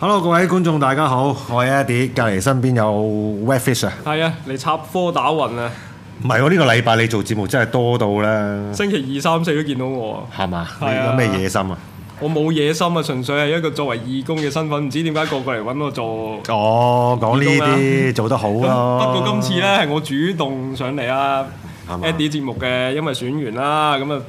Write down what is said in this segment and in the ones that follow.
Hello，各位觀眾，大家好，我係 Eddie，隔籬身邊有 Red Fish 啊，係啊，嚟插科打諢啊，唔係，我呢個禮拜你做節目真係多到啦，星期二、三、四都見到我，係嘛，你有咩野心啊？我冇野心啊，純粹係一個作為義工嘅身份，唔知點解個個嚟揾我做，哦，講呢啲做得好啊，不過今次咧係我主動上嚟啦，Eddie 節目嘅，因為選完啦，咁啊。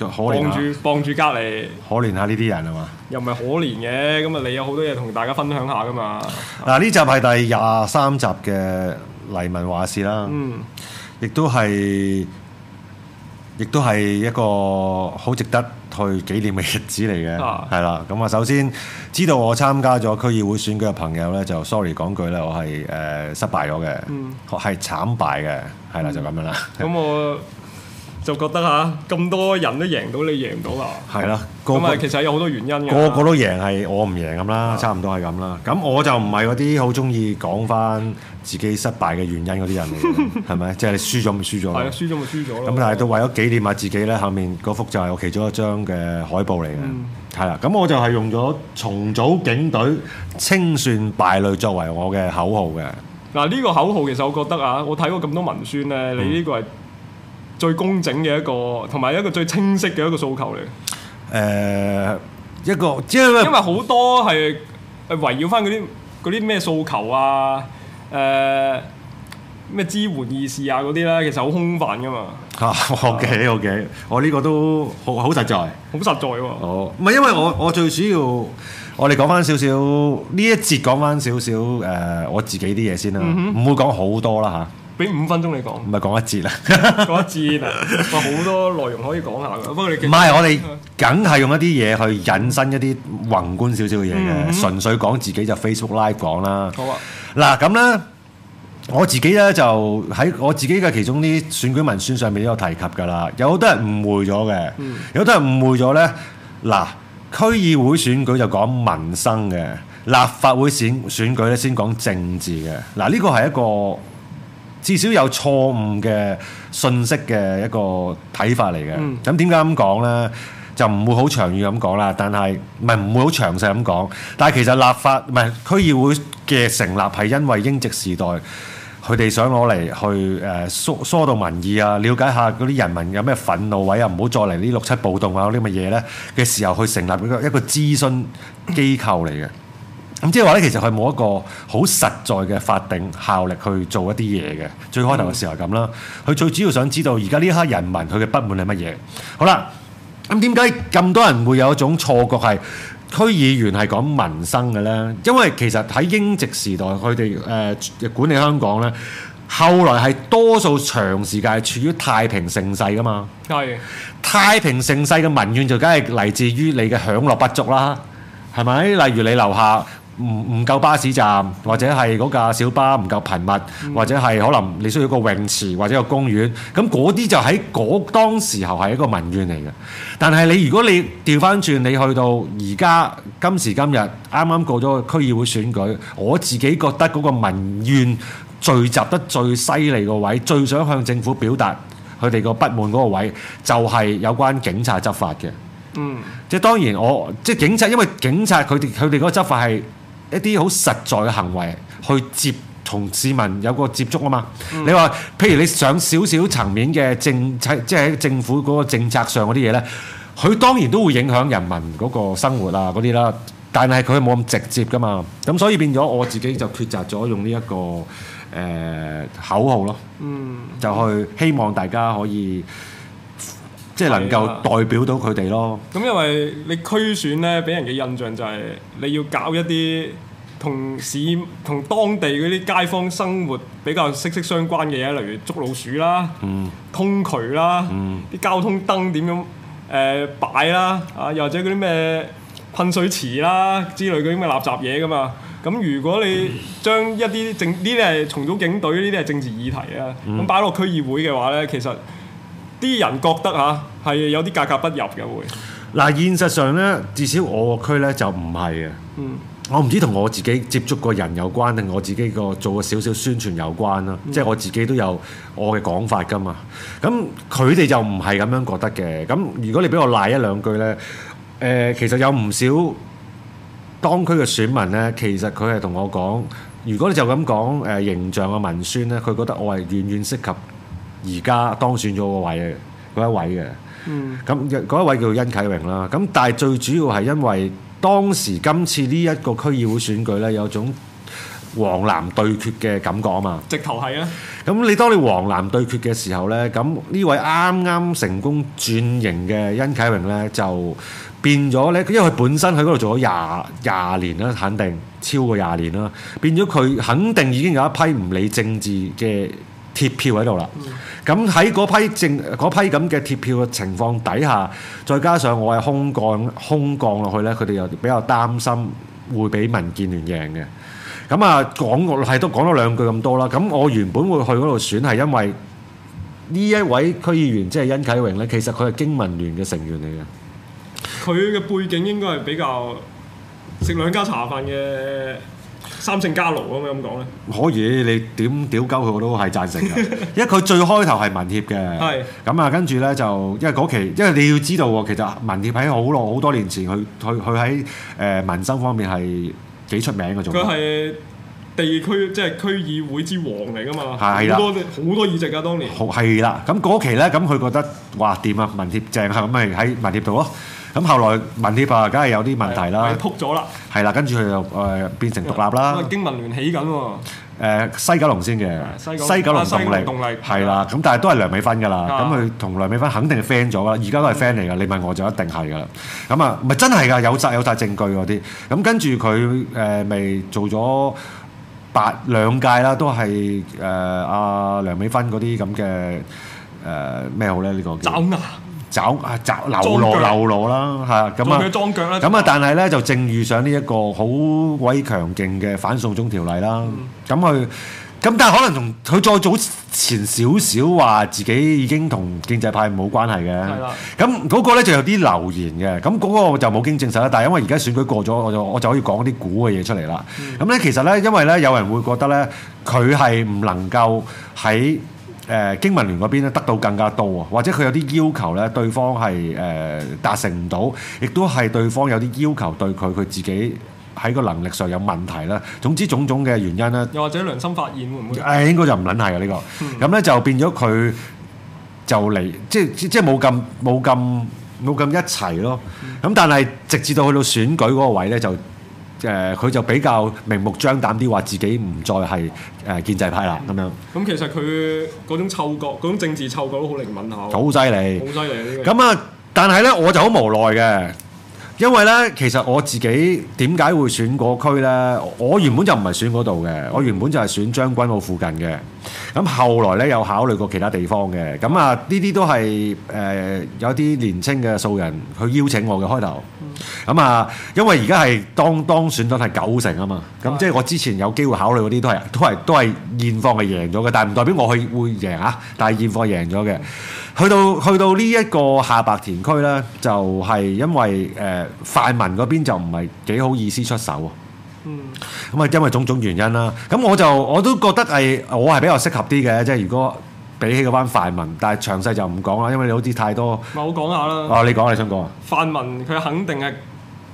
傍住傍住隔籬，可憐下呢啲人啊嘛？又唔係可憐嘅，咁啊你有好多嘢同大家分享下噶嘛？嗱呢集係第廿三集嘅黎民話事啦，嗯，亦都係亦都係一個好值得去紀念嘅日子嚟嘅，係啦。咁啊，首先知道我參加咗區議會選舉嘅朋友咧，就 sorry 講句咧，我係誒失敗咗嘅，嗯，係慘敗嘅，係啦，就咁樣啦。咁我。就覺得嚇咁多人都贏到，你贏唔到啦。係啦，咁啊，其實有好多原因。個個都贏係我唔贏咁啦，差唔多係咁啦。咁、嗯、我就唔係嗰啲好中意講翻自己失敗嘅原因嗰啲人嚟係咪？即係、 就是、你輸咗咪輸咗咯。係啊，輸咗咪輸咗。咁但係都為咗紀念下自己咧，下面嗰幅就係我其中一張嘅海報嚟嘅。係啦、嗯，咁我就係用咗重組警隊清算敗類作為我嘅口號嘅。嗱呢、嗯嗯、個口號其實我覺得啊，我睇過咁多文宣咧，你呢個係、嗯。嗯最工整嘅一個，同埋一個最清晰嘅一個訴求嚟。誒，一個，因為因為好多係係圍繞翻嗰啲啲咩訴求啊，誒、呃、咩支援意思啊嗰啲咧，其實好空泛噶嘛、啊。嚇，OK OK，我呢個都好好實在，好實在喎。哦、啊，唔係因為我我最主要，我哋講翻少少呢一節講翻少少誒、呃，我自己啲嘢先啦，唔、mm hmm. 會講好多啦嚇。俾五分鐘你講，唔係講一節啦，講一節啊，話好 多內容可以講下，講下不過你唔係我哋，梗係用一啲嘢去引申一啲宏觀少少嘅嘢嘅，mm hmm. 純粹講自己就 Facebook Live 講啦。好啊，嗱咁咧，我自己咧就喺我自己嘅其中啲選舉文宣上面都有提及噶啦。有好多人誤會咗嘅，mm hmm. 有好多人誤會咗咧。嗱、啊，區議會選舉就講民生嘅，立法會選選舉咧先講政治嘅。嗱、啊，呢個係一個。至少有錯誤嘅信息嘅一個睇法嚟嘅。咁點解咁講呢？就唔會好長遠咁講啦。但係唔會好詳細咁講。但係其實立法唔係區議會嘅成立係因為英殖時代佢哋想攞嚟去誒疏疏導民意啊，了解下嗰啲人民有咩憤怒位啊，唔好再嚟呢六七暴動啊嗰啲乜嘢呢，嘅時候去成立一個一個諮詢機構嚟嘅。咁即係話咧，其實係冇一個好實在嘅法定效力去做一啲嘢嘅。最開頭嘅時候咁啦，佢、嗯、最主要想知道而家呢刻人民佢嘅不滿係乜嘢。好啦，咁點解咁多人會有一種錯覺係區議員係講民生嘅呢？因為其實喺英殖時代，佢哋誒管理香港呢，後來係多數長時間係處於太平盛世噶嘛。係太平盛世嘅民怨就梗係嚟自於你嘅享樂不足啦，係咪？例如你樓下。唔唔夠巴士站，或者係嗰架小巴唔夠頻密，嗯、或者係可能你需要個泳池或者個公園，咁嗰啲就喺、是、嗰當時候係一個民怨嚟嘅。但係你如果你調翻轉，你去到而家今時今日啱啱過咗區議會選舉，我自己覺得嗰個民怨聚集得最犀利個位，最想向政府表達佢哋個不滿嗰個位，就係、是、有關警察執法嘅。嗯，即係當然我即係警察，因為警察佢哋佢哋嗰個執法係。一啲好實在嘅行為去接同市民有個接觸啊嘛。嗯、你話，譬如你上少少層面嘅政策，即係政府嗰個政策上嗰啲嘢呢，佢當然都會影響人民嗰個生活啊嗰啲啦。但係佢冇咁直接噶嘛，咁所以變咗我自己就抉擇咗用呢一個誒口號咯，嗯、就去希望大家可以。即係能夠代表到佢哋咯、啊。咁因為你區選咧，俾人嘅印象就係你要搞一啲同市同當地嗰啲街坊生活比較息息相關嘅嘢，例如捉老鼠啦、嗯、通渠啦、啲、嗯、交通燈點樣誒、呃、擺啦，啊，又或者嗰啲咩噴水池啦之類嗰啲咩垃圾嘢噶嘛。咁如果你將一啲政呢啲係重組警隊，呢啲係政治議題啊。咁擺落區議會嘅話咧，其實～啲人覺得嚇係、啊、有啲格格不入嘅會，嗱現實上呢，至少我個區呢，就唔係嘅。嗯、我唔知同我自己接觸過人有關定我自己個做過少少宣傳有關啦。即係、嗯、我自己都有我嘅講法噶嘛。咁佢哋就唔係咁樣覺得嘅。咁如果你俾我賴一兩句呢，誒、呃，其實有唔少當區嘅選民呢，其實佢係同我講，如果你就咁講誒形象嘅文宣呢，佢覺得我係遠遠適合。而家當選咗個位嘅，嗰一位嘅，咁嗰、嗯、一位叫殷啟榮啦。咁但係最主要係因為當時今次呢一個區議會選舉呢，有種黃藍對決嘅感覺啊嘛。直頭係啊！咁你當你黃藍對決嘅時候呢，咁呢位啱啱成功轉型嘅殷啟榮呢，就變咗呢。因為佢本身喺嗰度做咗廿廿年啦，肯定超過廿年啦，變咗佢肯定已經有一批唔理政治嘅。鐵票喺度啦，咁喺嗰批政嗰批咁嘅鐵票嘅情況底下，再加上我係空降空降落去呢，佢哋又比較擔心會俾民建聯贏嘅。咁啊，講我係都講咗兩句咁多啦。咁我原本會去嗰度選係因為呢一位區議員即係、就是、殷啟榮呢，其實佢係經民聯嘅成員嚟嘅。佢嘅背景應該係比較食兩家茶飯嘅。三姓家奴咁樣咁講咧，可以你點屌鳩佢我都係贊成嘅，因為佢最開頭係民協嘅，咁啊跟住咧就因為嗰期，因為你要知道喎，其實民協喺好耐好多年前，佢佢佢喺誒民生方面係幾出名嘅仲，佢係地區即係區議會之王嚟噶嘛，好多好多議席噶當年，係啦，咁嗰期咧，咁佢覺得話掂啊，民協正，咁咪喺民協度咯。咁後來民協啊，梗係有啲問題啦，係仆咗啦，係啦，跟住佢就誒變成獨立啦。咁啊，經民聯起緊喎。誒西九龍先嘅西九龍動力係啦，咁但係都係梁美芬㗎啦。咁佢同梁美芬肯定係 friend 咗啦，而家都係 friend 嚟㗎。你問我就一定係㗎啦。咁啊，咪真係㗎，有曬有曬證據嗰啲。咁跟住佢誒咪做咗八兩屆啦，都係誒阿梁美芬嗰啲咁嘅誒咩好咧？呢個。走啊！走流落流落啦嚇咁啊！咁啊！但係咧就正遇上呢一個好鬼強勁嘅反送中條例啦。咁佢咁但係可能同佢再早前少少話自己已經同建制派冇關係嘅。咁嗰、嗯那個咧就有啲流言嘅。咁、嗰、嗰個我就冇經證實啦。但係因為而家選舉過咗，我就我就可以講啲古嘅嘢出嚟啦。咁咧、嗯、其實咧，因為咧有人會覺得咧佢係唔能夠喺。誒，經民聯嗰邊咧得到更加多啊，或者佢有啲要求咧，對方係誒、呃、達成唔到，亦都係對方有啲要求對佢佢自己喺個能力上有問題啦。總之種種嘅原因啦，又或者良心發現會唔會？誒、哎，應該就唔撚係嘅呢個。咁咧、嗯、就變咗佢就嚟，即即即冇咁冇咁冇咁一齊咯。咁、嗯、但係直至到去到選舉嗰個位咧就。誒佢、呃、就比較明目張膽啲，話自己唔再係誒、呃、建制派啦咁樣、嗯。咁其實佢嗰種嗅覺，嗰種政治嗅覺都好靈敏吓，好犀利，好犀利。咁啊，但係咧，我就好無奈嘅。因為咧，其實我自己點解會選嗰區咧？我原本就唔係選嗰度嘅，我原本就係選將軍澳附近嘅。咁後來咧，有考慮過其他地方嘅。咁啊，呢啲都係誒有啲年青嘅素人去邀請我嘅開頭。咁啊，因為而家係當當選咗，係九成啊嘛。咁即係我之前有機會考慮嗰啲，都係都係都係現況係贏咗嘅。但係唔代表我去會贏啊！但係現況贏咗嘅。去到去到呢一個下白田區呢，就係、是、因為誒、呃、泛民嗰邊就唔係幾好意思出手喎。咁啊、嗯，因為種種原因啦。咁我就我都覺得係我係比較適合啲嘅，即係如果比起嗰班泛民，但係詳細就唔講啦，因為你好似太多。唔好講下啦。啊，你講你想講啊。泛民佢肯定係。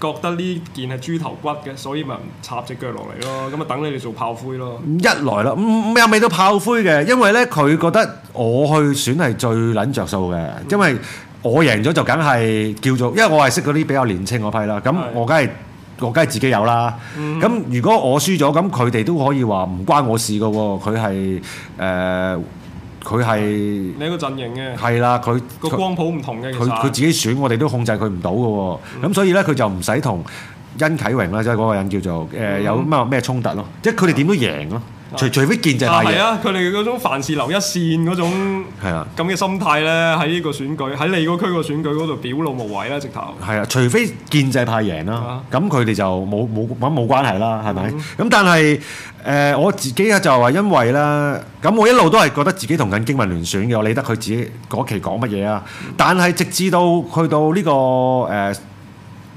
覺得呢件係豬頭骨嘅，所以咪插隻腳落嚟咯。咁啊，等你哋做炮灰咯。一來啦，唔唔又未到炮灰嘅。因為呢，佢覺得我去選係最撚着數嘅，因為我贏咗就梗係叫做，因為我係識嗰啲比較年青嗰批啦。咁我梗係是的 我梗係自己有啦。咁、嗯、如果我輸咗，咁佢哋都可以話唔關我事㗎喎。佢係誒。呃佢係你個陣型嘅係啦，佢個光譜唔同嘅，其實佢佢自己選，我哋都控制佢唔到㗎喎。咁、嗯、所以咧，佢就唔使同殷啟榮啦，即係嗰個人叫做誒、呃、有乜咩衝突咯，即係佢哋點都贏咯。嗯嗯。除除非建制派，係啊！佢哋嗰種凡事留一線嗰種，係啊，咁嘅心態咧，喺呢個選舉，喺你嗰區個選舉嗰度表露無遺啦、啊，直頭。係啊，除非建制派贏啦、啊，咁佢哋就冇冇冇關係啦，係咪？咁、嗯、但係誒、呃，我自己啊就係因為啦，咁我一路都係覺得自己同緊經民聯選嘅，我理得佢自己嗰期講乜嘢啊！但係直至到去到呢、呢個誒，呃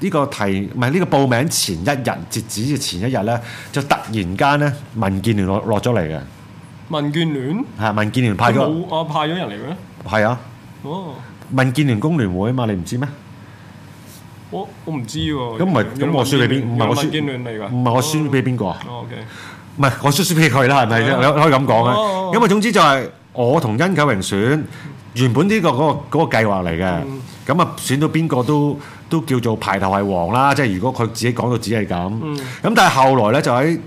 呢個提唔係呢個報名前一日，截止嘅前一日咧，就突然間咧，民建聯落落咗嚟嘅。民建聯係民建聯派咗，我派咗人嚟咩？係啊。哦。民建聯工聯會嘛，你唔知咩？我我唔知喎。咁唔係咁我輸俾邊？唔係我輸，唔係我輸俾邊個？O K。唔係我輸輸俾佢啦，係咪？你可以咁講嘅。因為總之就係我同殷九榮選。原本呢、這個嗰、那個嗰、那個計劃嚟嘅，咁啊、嗯、選到邊個都都叫做排頭係王啦。即係如果佢自己講到只係咁，咁、嗯、但係後來呢，就喺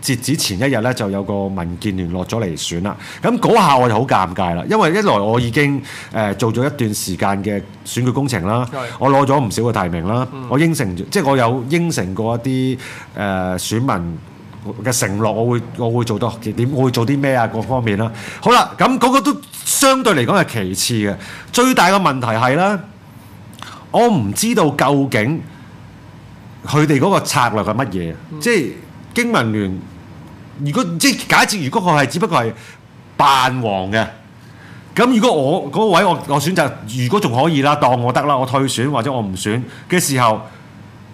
截止前一日呢，就有個民建聯落咗嚟選啦。咁嗰下我就好尷尬啦，因為一來我已經誒、呃、做咗一段時間嘅選舉工程啦的，我攞咗唔少嘅提名啦，我應承即係我有應承過一啲誒、呃、選民。嘅承諾，我會我會做到點？我會做啲咩啊？各方面啦，好啦，咁嗰個都相對嚟講係其次嘅。最大嘅問題係咧，我唔知道究竟佢哋嗰個策略係乜嘢。即係經民聯，如果即係假設如果佢係只不過係扮黃嘅，咁如果我嗰個位我我選擇，如果仲可以啦，當我得啦，我退選或者我唔選嘅時候，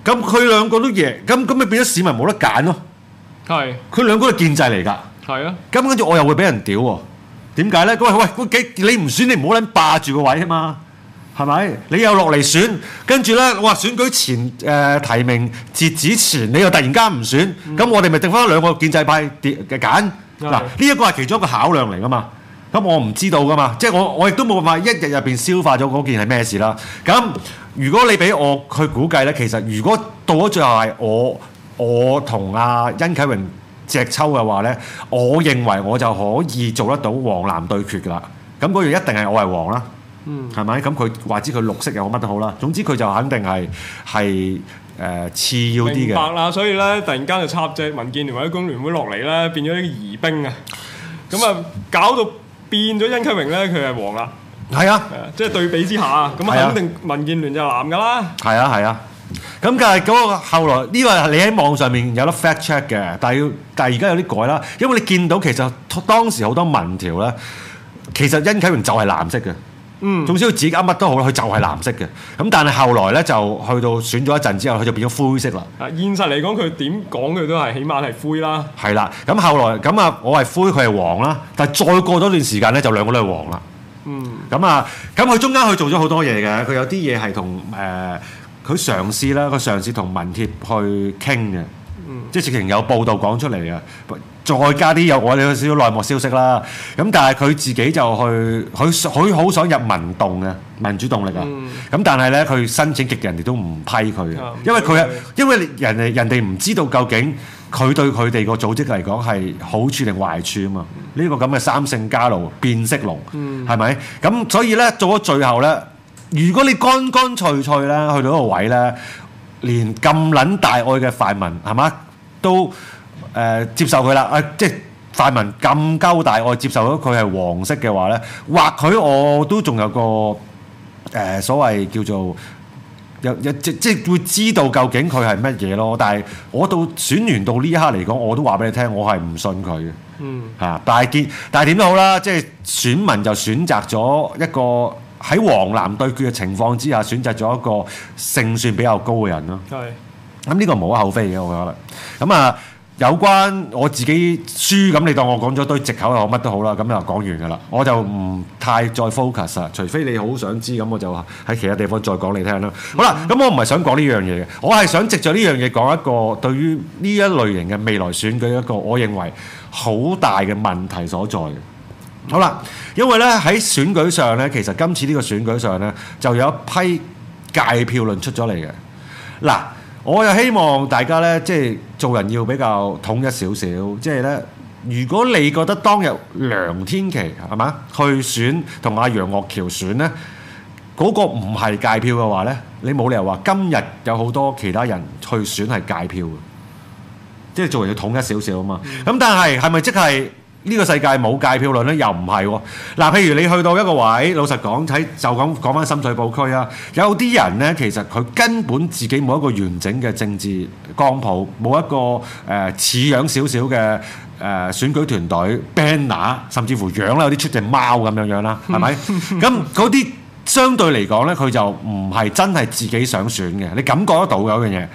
咁佢兩個都贏，咁咁咪變咗市民冇得揀咯。係，佢兩個係建制嚟㗎。係啊的，咁跟住我又會俾人屌喎。點解咧？佢話喂，你唔選，你唔好撚霸住個位啊嘛，係咪？你又落嚟選，跟住咧，我話選舉前誒、呃、提名截止前，你又突然間唔選，咁、嗯、我哋咪定翻兩個建制派嘅揀嗱？呢一個係其中一個考量嚟㗎嘛。咁、嗯、我唔知道㗎嘛，即係我我亦都冇辦法一日入邊消化咗嗰件係咩事啦。咁、嗯、如果你俾我去估計咧，其實如果到咗最後係我。我同阿殷啟榮、石秋嘅話咧，我認為我就可以做得到黃藍對決㗎啦。咁嗰樣一定係我係黃啦，嗯，係咪？咁佢話知佢綠色又好乜都好啦。總之佢就肯定係係誒次要啲嘅。明白啦。所以咧，突然間就插隻民建聯或者工聯會落嚟咧，變咗啲疑兵啊。咁啊，搞到變咗殷啟榮咧，佢係黃啦。係啊，即係對比之下，咁啊，肯定民建聯就係藍㗎啦。係啊，係啊。咁但係嗰個後來呢、呢個你喺網上面有得 fact check 嘅，但係要但係而家有啲改啦，因為你見到其實當時好多民調咧，其實殷啟榮就係藍色嘅，嗯，總之佢自己揀乜都好，佢就係藍色嘅。咁但係後來咧就去到選咗一陣之後，佢就變咗灰色啦。啊，現實嚟講佢點講佢都係起碼係灰啦。係啦，咁後來咁啊，我係灰，佢係黃啦。但係再過咗一段時間咧，就兩個都係黃啦。嗯，咁啊，咁佢中間佢做咗好多嘢嘅，佢有啲嘢係同誒。呃佢嘗試啦，佢嘗試同民協去傾嘅，嗯、即係直情有報道講出嚟啊！再加啲有我哋少少內幕消息啦。咁但係佢自己就去，佢佢好想入民動嘅民主動力啊。咁、嗯、但係咧，佢申請極人哋都唔批佢嘅，嗯、因為佢啊，因為人哋人哋唔知道究竟佢對佢哋個組織嚟講係好處定壞處啊嘛。呢、嗯、個咁嘅三姓家奴變色龍，係咪、嗯？咁所以咧，做咗最後咧。如果你乾乾脆脆啦，去到、呃呃、一個位咧，連咁撚大愛嘅泛民係嘛都誒接受佢啦，誒即係泛民咁鳩大愛接受咗佢係黃色嘅話咧，或佢我都仲有個誒所謂叫做有有即即會知道究竟佢係乜嘢咯。但係我到選完到呢一刻嚟講，我都話俾你聽，我係唔信佢嘅。嗯，嚇、啊，但係見，但係點都好啦，即係選民就選擇咗一個。喺黃藍對決嘅情況之下，選擇咗一個勝算比較高嘅人咯。係對，咁呢個無可厚非嘅，我覺得。咁啊，有關我自己輸咁，你當我講咗堆藉口，我乜都好啦。咁就講完㗎啦，我就唔太再 focus 啦。除非你好想知，咁我就喺其他地方再講你聽啦。Mm hmm. 好啦，咁我唔係想講呢樣嘢嘅，我係想藉着呢樣嘢講一個對於呢一類型嘅未來選舉一個，我認為好大嘅問題所在嘅。好啦，因為咧喺選舉上咧，其實今次呢個選舉上咧，就有一批 𠝹 票論出咗嚟嘅。嗱，我又希望大家咧，即係做人要比較統一少少。即係咧，如果你覺得當日梁天琦係嘛去選同阿楊岳橋選咧，嗰個唔係 𠝹 票嘅話咧，你冇理由話今日有好多其他人去選係 𠝹 票嘅。即係做人要統一少少啊嘛。咁但係係咪即係？呢個世界冇 𠝹 票論咧，又唔係喎。嗱，譬如你去到一個位，老實講睇，就咁講返深水埗區啊，有啲人呢，其實佢根本自己冇一個完整嘅政治光譜，冇一個誒似、呃、樣少少嘅誒、呃、選舉團隊 banner，甚至乎樣咧有啲出隻貓咁樣樣啦，係咪？咁嗰啲相對嚟講呢，佢就唔係真係自己想選嘅，你感覺得到有樣嘢。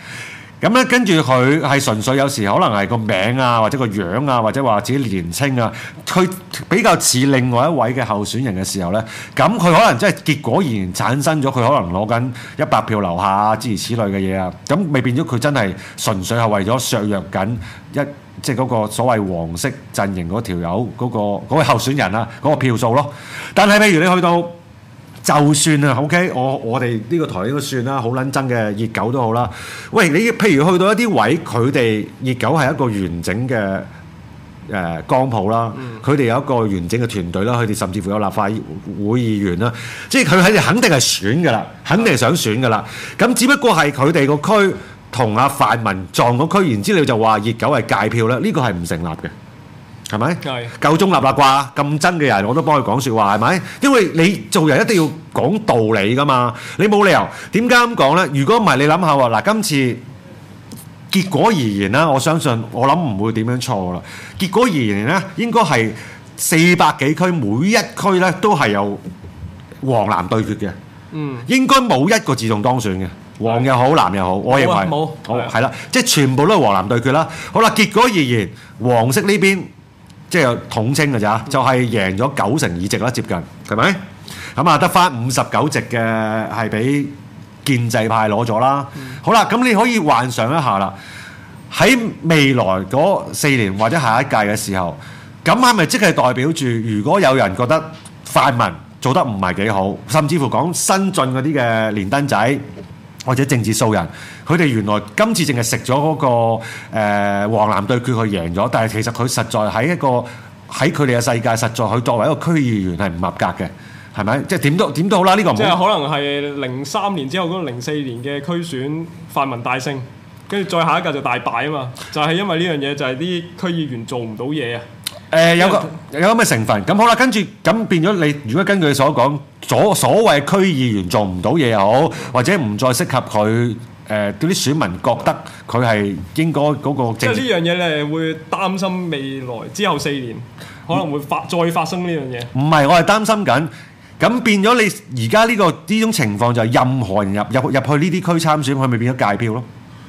咁咧，跟住佢係純粹有時可能係個名啊，或者個樣啊，或者話自己年青啊，佢比較似另外一位嘅候選人嘅時候呢，咁佢可能即係結果而產生咗佢可能攞緊一百票留下啊，諸如此類嘅嘢啊，咁未變咗佢真係純粹係為咗削弱緊一即係嗰個所謂黃色陣營嗰條友，嗰個嗰位候選人啊嗰個票數咯。但係譬如你去到，就算啊，OK，我我哋呢個台應該算啦，好撚憎嘅熱狗都好啦。喂，你譬如去到一啲位，佢哋熱狗係一個完整嘅誒江浦啦，佢、呃、哋有一個完整嘅團隊啦，佢哋甚至乎有立法會議員啦，即係佢喺度肯定係選噶啦，肯定係想選噶啦。咁只不過係佢哋個區同阿泛民撞個區，然之你就話熱狗係 𠝹 票啦，呢、這個係唔成立嘅。係咪夠中立喇啩？咁真嘅人，我都幫佢講説話，係咪？因為你做人一定要講道理噶嘛，你冇理由點解咁講呢？如果唔係，你諗下喎。嗱，今次結果而言呢，我相信我諗唔會點樣錯啦。結果而言呢，應該係四百幾區，每一區呢都係有黃藍對決嘅。嗯，應該冇一個自動當選嘅，黃又好，藍又好，我認為冇。好係啦，即係全部都係黃藍對決啦。好啦，結果而言，黃色呢邊。即係統稱㗎咋，就係贏咗九成議席啦，接近係咪？咁啊，得返五十九席嘅係俾建制派攞咗啦。好啦，咁你可以幻想一下啦。喺未來嗰四年或者下一屆嘅時候，咁係咪即係代表住，如果有人覺得泛民做得唔係幾好，甚至乎講新進嗰啲嘅連登仔，或者政治素人，佢哋原來今次淨係食咗嗰個誒、呃、黃藍對決，佢贏咗。但係其實佢實在喺一個喺佢哋嘅世界，實在佢作為一個區議員係唔合格嘅，係咪？即係點都點都好啦，呢、這個即係可能係零三年之後嗰個零四年嘅區選泛民大勝，跟住再下一屆就大敗啊嘛，就係、是、因為呢樣嘢就係啲區議員做唔到嘢啊！誒有個有咁嘅成分，咁好啦。跟住咁變咗你，如果根據你所講，所所謂區議員做唔到嘢又好，或者唔再適合佢誒，嗰啲選民覺得佢係應該嗰個政，即係呢樣嘢咧，會擔心未來之後四年可能會發再發生呢樣嘢。唔係，我係擔心緊，咁變咗你而家呢個呢種情況就係任何人入入入去呢啲區參選，佢咪變咗 𠝹 票咯？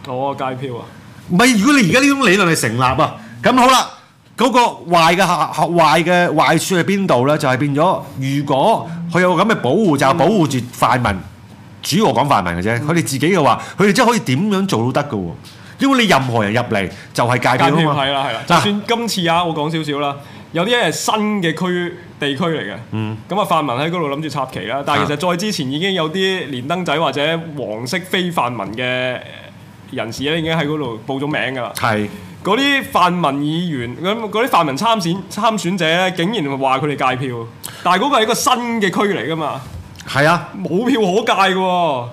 哦，𠝹 票啊！唔係，如果你而家呢種理論係成立啊，咁好啦。嗰個壞嘅嚇壞嘅壞處喺邊度咧？就係、是、變咗，如果佢有咁嘅保護，就係保護住泛民。嗯、主要我講泛民嘅啫，佢哋、嗯、自己嘅話，佢哋真係可以點樣做都得嘅喎。因為你任何人入嚟就係界界。啊啦，係啦。就算今次講啊，我講少少啦。有啲係新嘅區地區嚟嘅。嗯。咁啊，泛民喺嗰度諗住插旗啦。但係其實再之前已經有啲連登仔或者黃色非泛民嘅。人士咧已經喺嗰度報咗名噶啦，係嗰啲泛民議員，咁嗰啲泛民參選參選者咧，竟然話佢哋 𠝹 票，但係嗰個係一個新嘅區嚟噶嘛，係是的 啊，冇票可 𠝹 喎，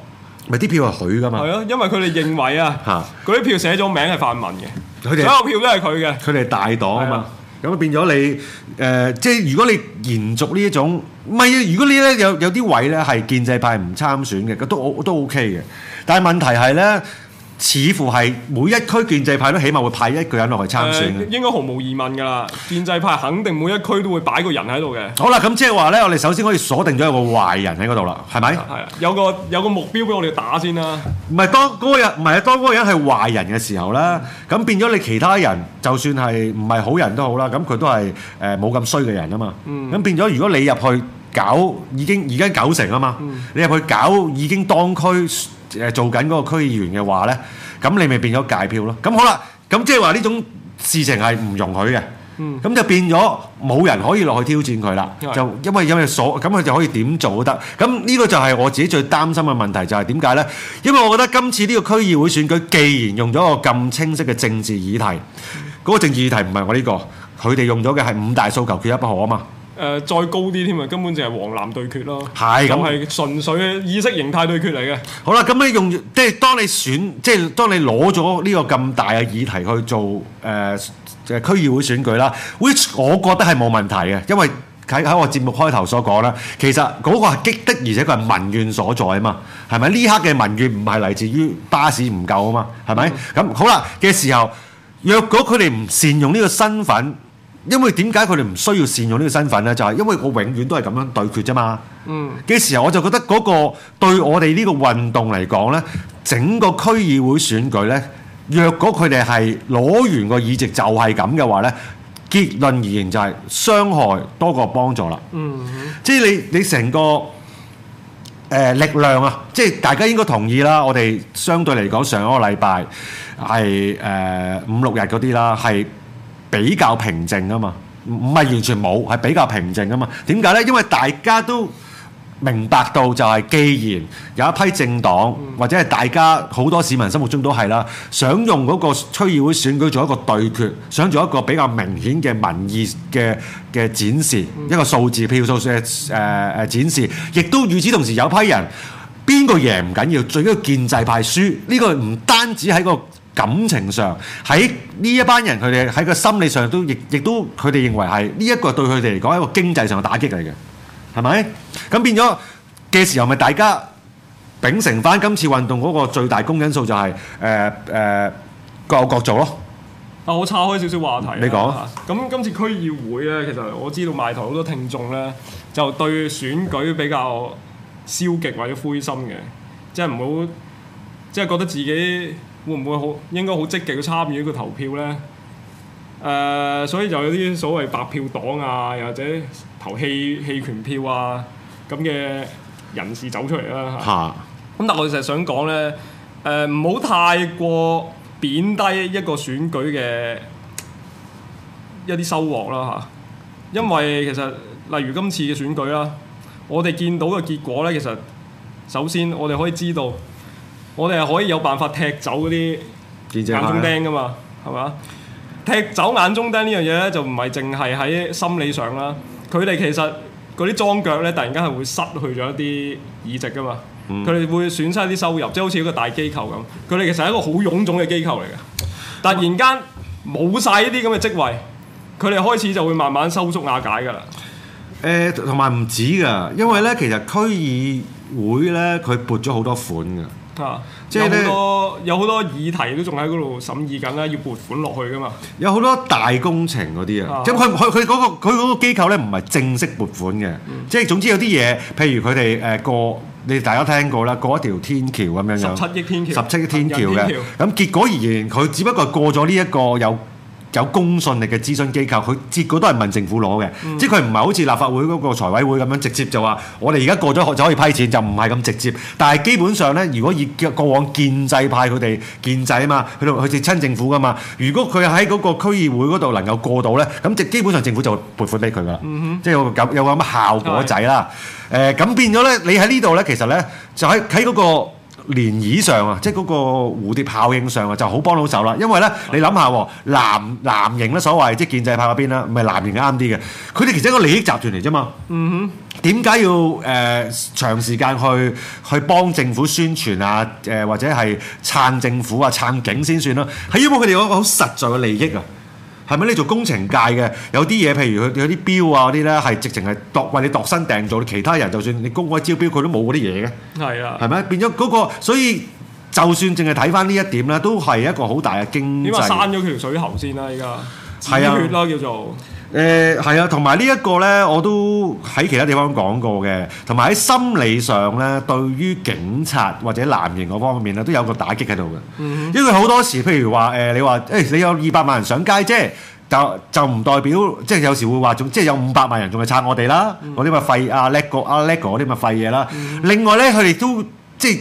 咪啲票係佢噶嘛，係啊，因為佢哋認為啊，嗰啲票寫咗名係泛民嘅，佢哋們所有票都係佢嘅，佢哋大黨啊嘛，咁是的 變咗你誒、呃，即係如果你延續呢一種，咪如果你咧有有啲位咧係建制派唔參選嘅，咁都好都，都 OK 嘅，但係問題係咧。似乎係每一區建制派都起碼會派一個人落去參選嘅、呃，應該毫無疑問㗎啦。建制派肯定每一區都會擺個人喺度嘅。好啦，咁即係話呢，我哋首先可以鎖定咗有個壞人喺嗰度啦，係咪？有個有個目標俾我哋打先啦。唔、那、係、個、當嗰個人，唔係啊，當嗰個人係壞人嘅時候呢，咁變咗你其他人就算係唔係好人好都好啦，咁佢都係誒冇咁衰嘅人啊嘛。嗯，咁變咗如果你入去搞已經已經九成啊嘛，嗯、你入去搞已經當區做緊嗰個區議員嘅話呢，咁你咪變咗 𠝹 票咯。咁好啦，咁即係話呢種事情係唔容許嘅。嗯，咁就變咗冇人可以落去挑戰佢啦。嗯、就因為因為所咁佢就可以點做都得。咁呢個就係我自己最擔心嘅問題，就係點解呢？因為我覺得今次呢個區議會選舉，既然用咗一個咁清晰嘅政治議題，嗰、嗰個政治議題唔係我呢、呢個，佢哋用咗嘅係五大訴求缺一不可啊嘛。誒、呃、再高啲添啊，根本就係黃藍對決咯，咁係的純粹嘅意識形態對決嚟嘅。好啦，咁你用即係當你選，即係當你攞咗呢個咁大嘅議題去做誒誒、呃、區議會選舉啦。Which 我覺得係冇問題嘅，因為喺喺我節目開頭所講啦，其實嗰個係激的，而且佢係民怨所在啊嘛，係咪？呢刻嘅民怨唔係嚟自於巴士唔夠啊嘛，係咪？咁、嗯、好啦嘅時候，若果佢哋唔善用呢個身份。因為點解佢哋唔需要善用呢個身份呢？就係因為我永遠都係咁樣對決啫嘛。嗯，嘅時候我就覺得嗰個對我哋呢個運動嚟講呢，整個區議會選舉呢，若果佢哋係攞完個議席就係咁嘅話呢，結論而言就係傷害多過幫助啦。嗯，即係你你成個誒力量啊，即係大家應該同意啦。我哋相對嚟講，上一個禮拜係誒五六日嗰啲啦，係。比較平靜啊嘛，唔唔係完全冇，係比較平靜啊嘛。點解呢？因為大家都明白到就係，既然有一批政黨，或者係大家好多市民心目中都係啦，想用嗰個區議會選舉做一個對決，想做一個比較明顯嘅民意嘅嘅展示，一個數字票數嘅誒誒展示，亦都與此同時有批人，邊個贏唔緊要，最緊要建制派輸。呢個唔單止喺個。感情上喺呢一班人，佢哋喺個心理上都亦亦都佢哋認為係呢一個對佢哋嚟講係一個經濟上嘅打擊嚟嘅，係咪？咁變咗嘅時候，咪大家秉承翻今次運動嗰個最大公因素，就係誒誒各有各做咯。啊，我岔開少少話題。你講。咁今次區議會咧，其實我知道埋台好多聽眾咧，就對選舉比較消極或者灰心嘅，即係唔好，即係覺得自己。會唔會好應該好積極去參與一個投票咧？誒、呃，所以就有啲所謂白票黨啊，又或者投棄棄權票啊咁嘅人士走出嚟啦嚇。咁、啊、但係我哋成日想講咧，誒唔好太過貶低一個選舉嘅一啲收穫啦嚇。因為其實例如今次嘅選舉啦，我哋見到嘅結果咧，其實首先我哋可以知道。我哋係可以有辦法踢走嗰啲眼中釘噶嘛，係嘛、啊？踢走眼中釘呢樣嘢咧，就唔係淨係喺心理上啦。佢哋其實嗰啲莊腳咧，突然間係會失去咗一啲議席噶嘛。佢哋、嗯、會損失一啲收入，即係好似一個大機構咁。佢哋其實係一個好臃腫嘅機構嚟嘅。突然間冇晒呢啲咁嘅職位，佢哋 開始就會慢慢收縮瓦解噶啦。誒、呃，同埋唔止噶，因為咧，其實區議會咧，佢撥咗好多款噶。啊、即係有好多有好多議題都仲喺嗰度審議緊啦，要撥款落去㗎嘛？有好多大工程嗰啲啊！咁佢佢佢嗰個佢嗰個機構咧，唔係正式撥款嘅。嗯、即係總之有啲嘢，譬如佢哋誒過，你大家聽過啦，過一條天橋咁樣樣。有十七億天橋，十七億天橋嘅。咁結果而言，佢只不過過咗呢一個有有公信力嘅諮詢機構，佢結果都係問政府攞嘅，嗯、即係佢唔係好似立法會嗰個財委會咁樣直接就話，我哋而家過咗就可以批錢，就唔係咁直接。但係基本上咧，如果以過往建制派佢哋建制啊嘛，佢哋佢哋親政府噶嘛，如果佢喺嗰個區議會嗰度能夠過到咧，咁即基本上政府就撥款俾佢噶啦，嗯、哼即係有，有個咁有咁嘅效果仔啦。誒是，咁、呃、變咗咧，你喺呢度咧，其實咧就喺喺嗰個。漣漪上啊，即係嗰個蝴蝶效應上啊，就好幫到手啦。因為咧，你諗下，藍藍營咧所謂即係建制派嗰邊啦，唔係藍營啱啲嘅，佢哋其實一個利益集團嚟啫嘛。嗯哼，點解要誒、呃、長時間去去幫政府宣傳啊？誒、呃、或者係撐政府啊、撐警先算啦，係因為佢哋有一個好實在嘅利益啊。係咪你做工程界嘅？有啲嘢，譬如佢有啲標啊嗰啲咧，係直情係度為你度身訂做。其他人就算你公開招標，佢都冇嗰啲嘢嘅。係啊，係咪變咗嗰個？所以就算淨係睇翻呢一點咧，都係一個好大嘅經濟。點話閂咗佢條水喉先啦？依家止血咯，係啊、叫做。誒係、呃、啊，同埋呢一個咧，我都喺其他地方講過嘅，同埋喺心理上咧，對於警察或者男型嗰方面咧，都有個打擊喺度嘅。嗯、哼因為好多時，譬如話誒、呃，你話誒、欸，你有二百萬人上街，啫，就就唔代表，即係有時會話仲，即係有五百萬人仲係撐我哋啦。嗰啲咪廢啊，叻哥啊，叻哥嗰啲咪廢嘢啦。嗯、哼另外咧，佢哋都即係。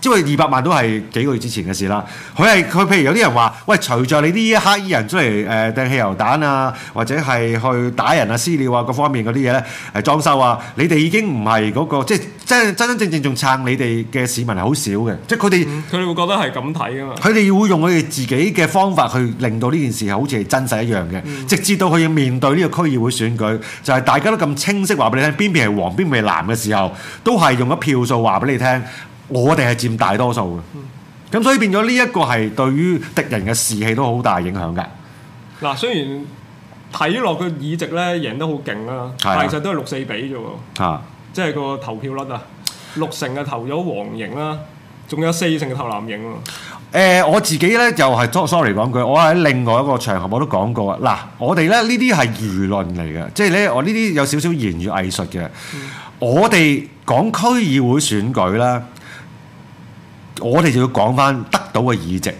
即係二百萬都係幾個月之前嘅事啦。佢係佢，譬如有啲人話：「喂，隨著你啲黑衣人出嚟，誒、呃、掟汽油彈啊，或者係去打人啊、私了啊各方面嗰啲嘢咧，係、呃、裝修啊。你哋已經唔係嗰個，即係真真真正正仲撐你哋嘅市民係好少嘅。即係佢哋，佢哋會覺得係咁睇㗎嘛。佢哋會用佢哋自己嘅方法去令到呢件事好似係真實一樣嘅，嗯、直至到佢要面對呢個區議會選舉，就係、是、大家都咁清晰話俾你聽，邊邊係黃，邊邊係藍嘅時候，都係用咗票數話俾你聽。我哋係佔大多數嘅，咁、嗯、所以變咗呢一個係對於敵人嘅士氣都好大影響嘅。嗱，雖然睇落個議席咧贏得好勁啦，啊、但係其實都係六四比啫喎，啊、即係個投票率啊，六成嘅投咗黃營啦，仲有四成嘅投藍營咯、呃。我自己咧又係，sorry 講句，我喺另外一個場合我都講過啊。嗱，我哋咧呢啲係輿論嚟嘅，即係咧我呢啲有少少言語藝術嘅。嗯、我哋講區議會選舉啦。我哋就要講翻得到嘅議席，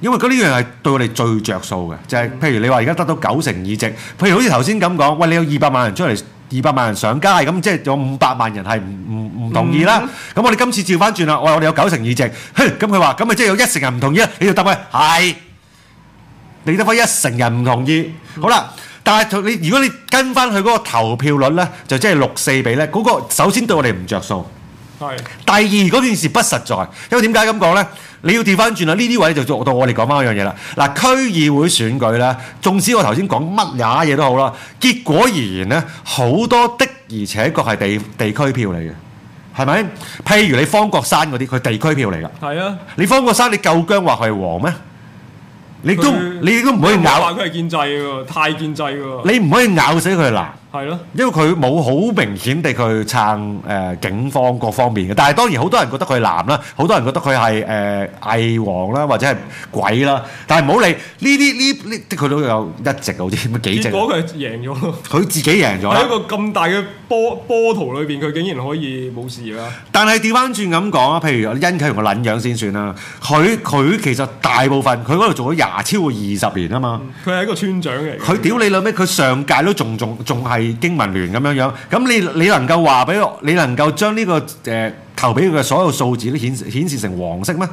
因為嗰呢樣係對我哋最著數嘅，就係譬如你話而家得到九成議席，譬如好似頭先咁講，喂你有二百萬人出嚟，二百萬人上街，咁即係有五百萬人係唔唔唔同意啦。咁我哋今次照翻轉啦，我我哋有九成議席，哼，咁佢話咁咪即係有一成人唔同意，你就答佢係，你得翻一成人唔同意，好啦。但係你如果你跟翻去嗰個投票率咧，就即係六四比咧，嗰個首先對我哋唔著數。第二嗰件事不實在，因為點解咁講呢？你要調翻轉啦，呢啲位就到我哋講翻一樣嘢啦。嗱，區議會選舉咧，縱使我頭先講乜嘢都好啦，結果而言呢，好多的而且確係地地區票嚟嘅，係咪？譬如你方國山嗰啲，佢地區票嚟㗎。係啊，你方國山，你夠姜話佢係黃咩？你都他你都唔可以咬，話佢係建制太建制你唔可以咬死佢嗱。係咯，因為佢冇好明顯地去撐誒警方各方面嘅，但係當然好多人覺得佢係男啦，好多人覺得佢係誒偽王啦，或者係鬼啦。但係唔好理呢啲呢呢啲，佢都有一席，好似幾席。結果佢贏咗，佢自己贏咗。喺一個咁大嘅波波圖裏邊，佢竟然可以冇事啦。但係調翻轉咁講啊，譬如殷啟榮個撚樣先算啦，佢佢其實大部分佢嗰度做咗廿超過二十年啊嘛。佢係一個村長嚟。佢屌你老味，佢上屆都仲仲仲係。係經民聯咁樣樣，咁你你能夠話俾我，你能夠將呢個誒投俾佢嘅所有數字都顯顯示成黃色咩？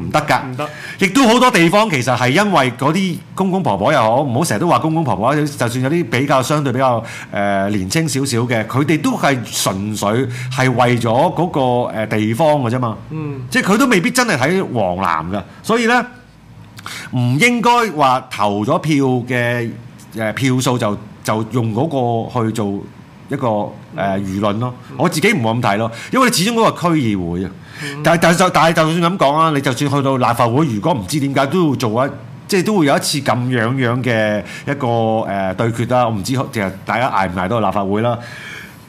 唔得噶，唔得。亦都好多地方其實係因為嗰啲公公婆婆又好，唔好成日都話公公婆婆，就算有啲比較相對比較誒年青少少嘅，佢哋都係純粹係為咗嗰個誒地方嘅啫嘛。嗯，即係佢都未必真係睇黃藍噶，所以呢唔應該話投咗票嘅誒票數就。就用嗰個去做一個誒、呃、輿論咯，我自己唔會咁睇咯，因為始終嗰個區議會啊，但、嗯、但就但係就算咁講啦，你就算去到立法會，如果唔知點解都要做一即係都會有一次咁樣樣嘅一個誒、呃、對決啦，我唔知其實大家捱唔捱到立法會啦，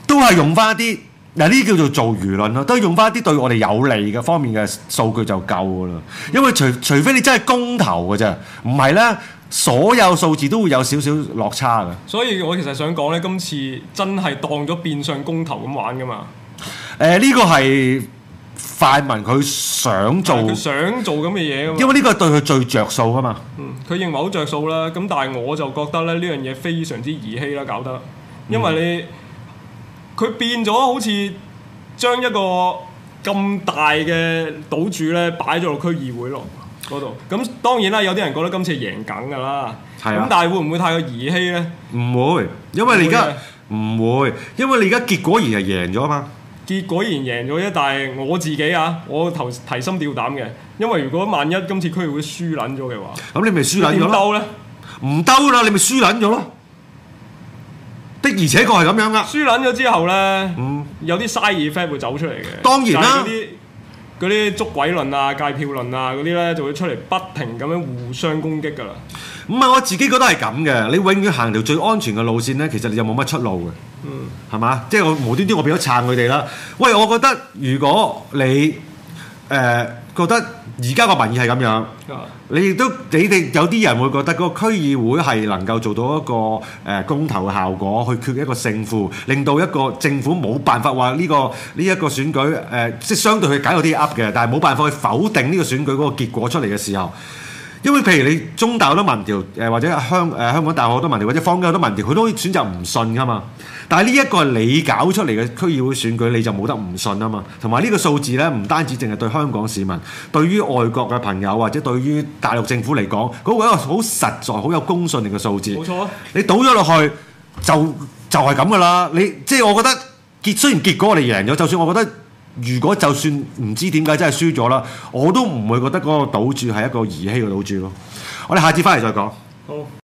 都係用翻一啲嗱呢叫做做輿論咯，都係用翻一啲對我哋有利嘅方面嘅數據就夠噶啦，因為除除非你真係公投嘅啫，唔係咧。所有數字都會有少少落差嘅，所以我其實想講呢，今次真係當咗變相公投咁玩噶嘛？誒、呃，呢、這個係泛民佢想做，想做咁嘅嘢，因為呢個對佢最着數啊嘛。佢、嗯、認為好着數啦。咁但係我就覺得咧，呢樣嘢非常之兒戲啦，搞得，因為你佢、嗯、變咗好似將一個咁大嘅賭主呢擺咗落區議會咯。嗰度，咁當然啦，有啲人覺得今次贏緊噶啦，咁、啊、但係會唔會太過兒戲咧？唔會，因為你而家唔會，因為你而家結果而係贏咗啊嘛。結果而係贏咗啫，但係我自己啊，我頭提心吊膽嘅，因為如果萬一今次區會輸撚咗嘅話，咁你咪輸撚咗啦。唔兜啦，你咪輸撚咗咯。的而且確係咁樣啦、啊。輸撚咗之後咧，嗯，有啲嘥熱 f a 會走出嚟嘅。當然啦。嗰啲捉鬼論啊、𠝹 票論啊嗰啲咧，就會出嚟不停咁樣互相攻擊噶啦。唔係，我自己覺得係咁嘅，你永遠行條最安全嘅路線咧，其實你就冇乜出路嘅。嗯，係嘛？即係我無端端我畀咗撐佢哋啦。喂，我覺得如果你誒覺得而家個民意係咁樣，你亦都你哋有啲人會覺得嗰個區議會係能夠做到一個誒、呃、公投嘅效果，去決一個勝負，令到一個政府冇辦法話呢、這個呢一、這個選舉誒、呃，即係相對去解有啲 up 嘅，但係冇辦法去否定呢個選舉嗰個結果出嚟嘅時候。因為譬如你中大好多民調，誒或者香誒香港大學好多民調，或者坊間好多民調，佢都可以選擇唔信㗎嘛。但係呢一個係你搞出嚟嘅區議會選舉，你就冇得唔信啊嘛。同埋呢個數字咧，唔單止淨係對香港市民，對於外國嘅朋友或者對於大陸政府嚟講，嗰個好實在、好有公信力嘅數字。冇錯，啊你就是，你倒咗落去就就係咁㗎啦。你即係我覺得結雖然結果我哋贏咗，就算我覺得。如果就算唔知點解真係輸咗啦，我都唔會覺得嗰個賭注係一個兒戲嘅賭注囉。我哋下次翻嚟再講。好。